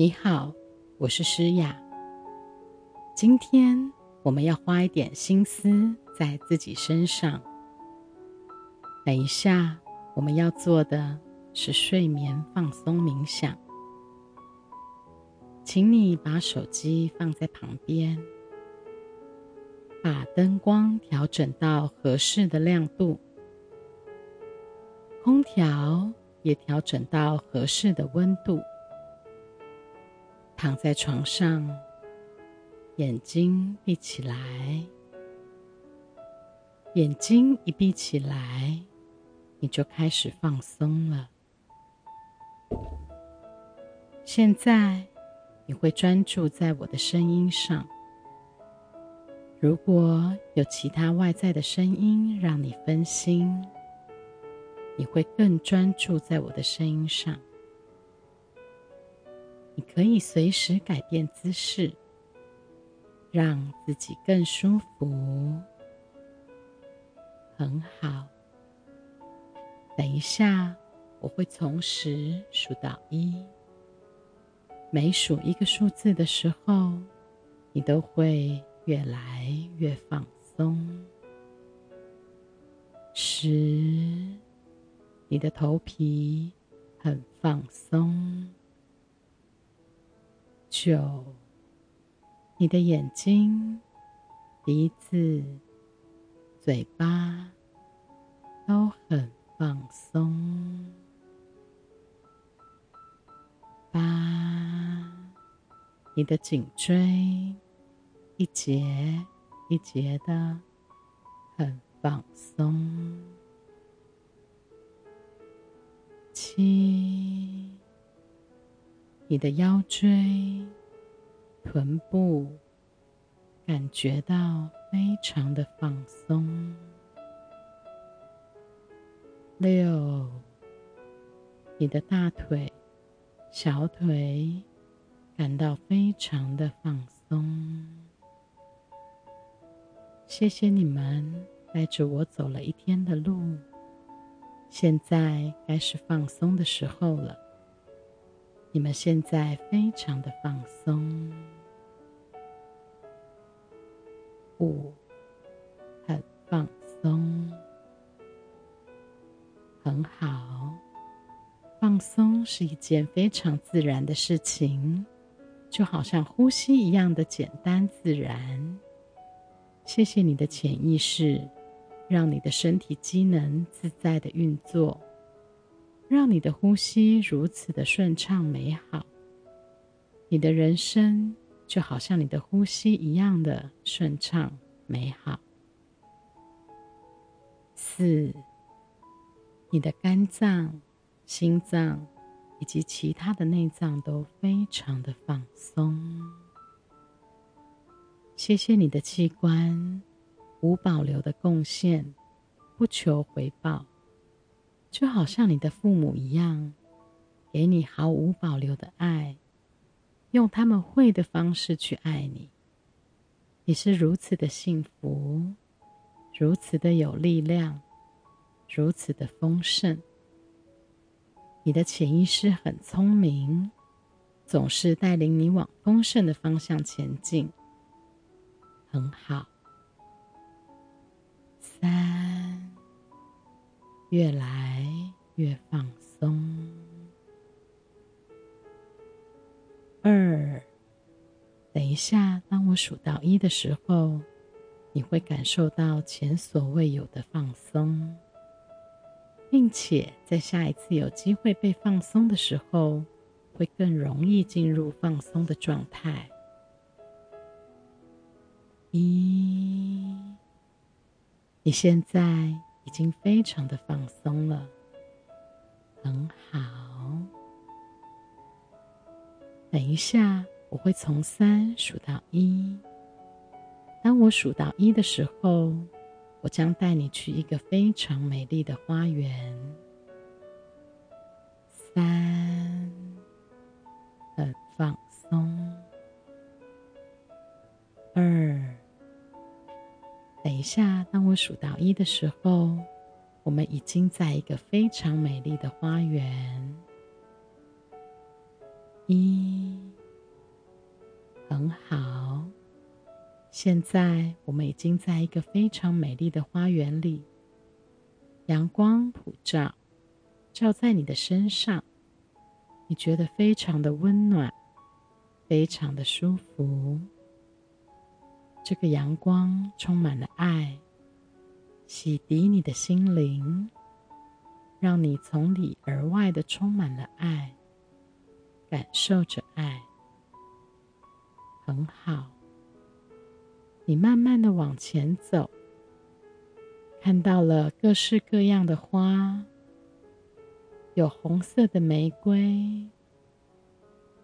你好，我是詩雅。今天我們要花一點心思在自己身上。等一下，我們要做的是睡眠放鬆冥想。請你把手機放在旁邊，把燈光調整到合適的亮度，空調也調整到合適的溫度。躺在床上，眼睛閉起來。眼睛一閉起來，你就開始放鬆了。現在，你會專注在我的聲音上。如果有其他外在的聲音讓你分心，你會更專注在我的聲音上。你可以隨時改變姿勢，讓自己更舒服。很好。等一下，我會從十數到一。每數一個數字的時候，你都會越來越放鬆。十，你的頭皮很放鬆。九，你的眼睛、鼻子、嘴巴都很放鬆。八，你的頸椎一節一節的很放鬆。你的腰椎、臀部感覺到非常的放鬆。六，你的大腿、小腿感到非常的放鬆。謝謝你們帶着我走了一天的路，現在該是放鬆的時候了。你們現在非常的放鬆，五，很放鬆，很好。放鬆是一件非常自然的事情，就好像呼吸一樣的簡單自然。謝謝你的潛意識，讓你的身體機能自在的運作。讓你的呼吸如此的順暢美好，你的人生就好像你的呼吸一樣的順暢美好。四，你的肝臟、心臟以及其他的內臟都非常的放鬆。謝謝你的器官，無保留的貢獻，不求回報。就好像你的父母一樣，給你毫無保留的愛，用他們會的方式去愛你。你是如此的幸福，如此的有力量，如此的豐盛。你的潛意識很聰明，總是帶領你往豐盛的方向前進。很好，三，越來。越放鬆。二，等一下，當我數到一的時候，你會感受到前所未有的放鬆。並且在下一次有機會被放鬆的時候，會更容易進入放鬆的狀態。一，你現在已經非常的放鬆了。很好，等一下，我會從三數到一。當我數到一的時候，我將帶你去一個非常美麗的花園。三，很放鬆。二，等一下，當我數到一的時候。我們已經在一個非常美麗的花園。一，很好。現在我們已經在一個非常美麗的花園裡，陽光普照，照在你的身上，你覺得非常的溫暖，非常的舒服。這個陽光充滿了愛。洗滌你的心靈，讓你從裡而外的充滿了愛，感受着愛。很好，你慢慢的往前走，看到了各式各樣的花，有紅色的玫瑰，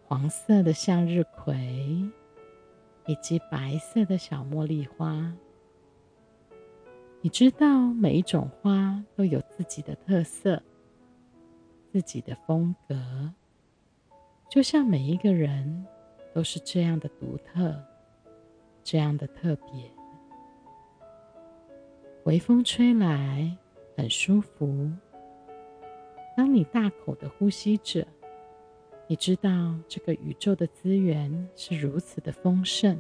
黃色的向日葵，以及白色的小茉莉花。你知道每一種花都有自己的特色、自己的風格，就像每一個人都是這樣的獨特，這樣的特別。微風吹來，很舒服。當你大口地呼吸着，你知道這個宇宙的資源是如此的豐盛，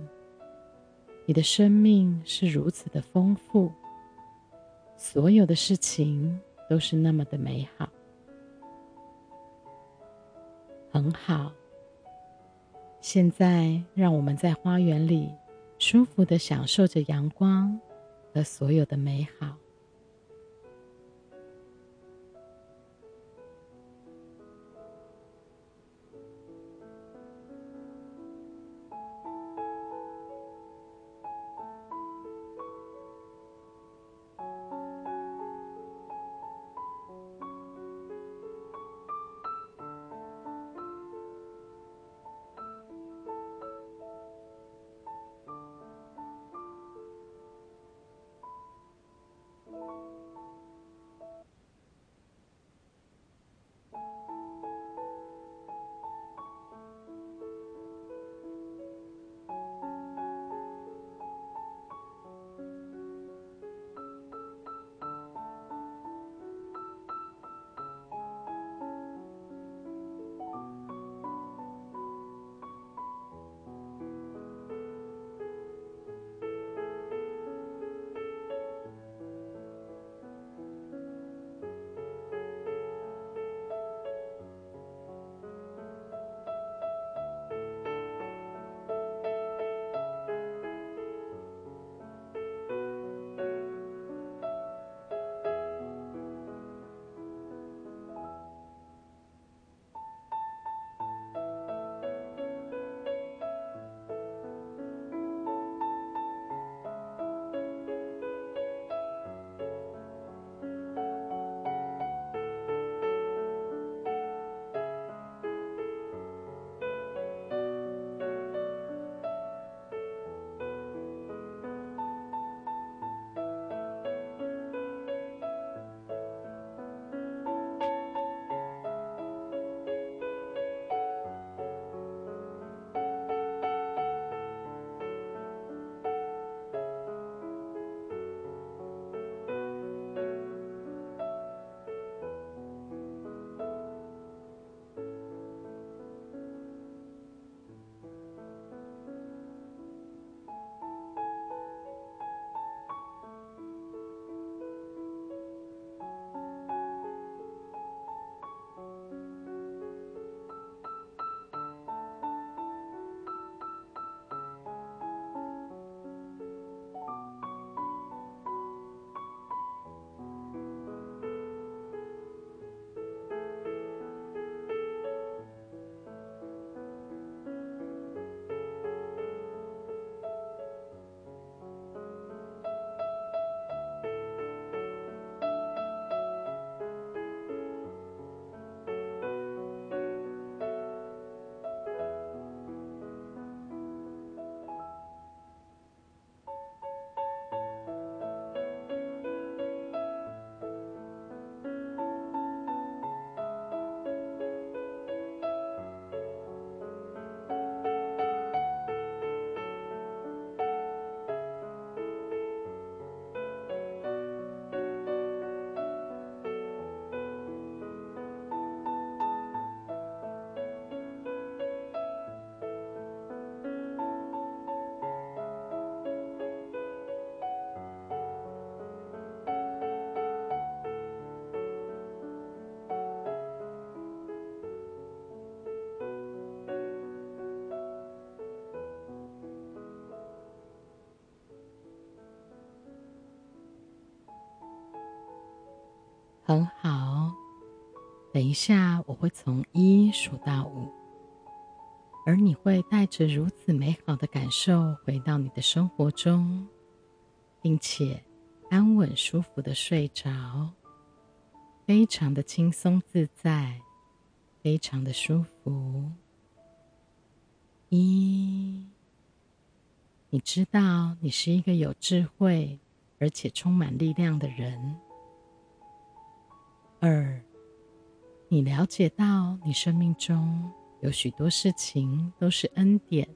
你的生命是如此的豐富。所有的事情都是那麼的美好，很好。現在，讓我們在花園裡舒服地享受着陽光和所有的美好。很好，等一下我會從一數到五，而你會帶着如此美好的感受回到你的生活中，並且安穩舒服的睡着，非常的輕鬆自在，非常的舒服。一，你知道你是一個有智慧而且充滿力量的人。二，你了解到你生命中有許多事情都是恩典，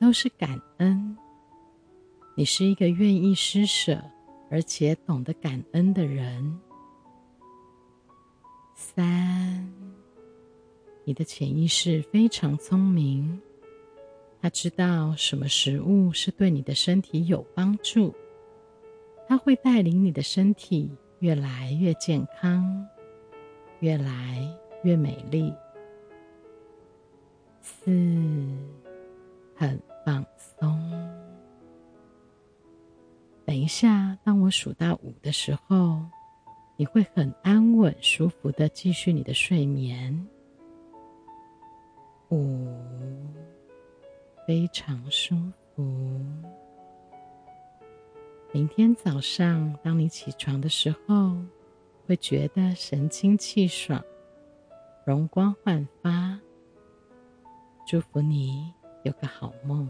都是感恩。你是一個願意施舍而且懂得感恩的人。三，你的潛意識非常聰明，他知道什麼食物是對你的身體有幫助，他會帶領你的身體。越來越健康，越來越美麗。四，很放鬆。等一下，當我數到五的時候，你會很安穩、舒服的繼續你的睡眠。五，非常舒服。明天早上，當你起床的時候，會覺得神清氣爽、容光煥發。祝福你有個好夢。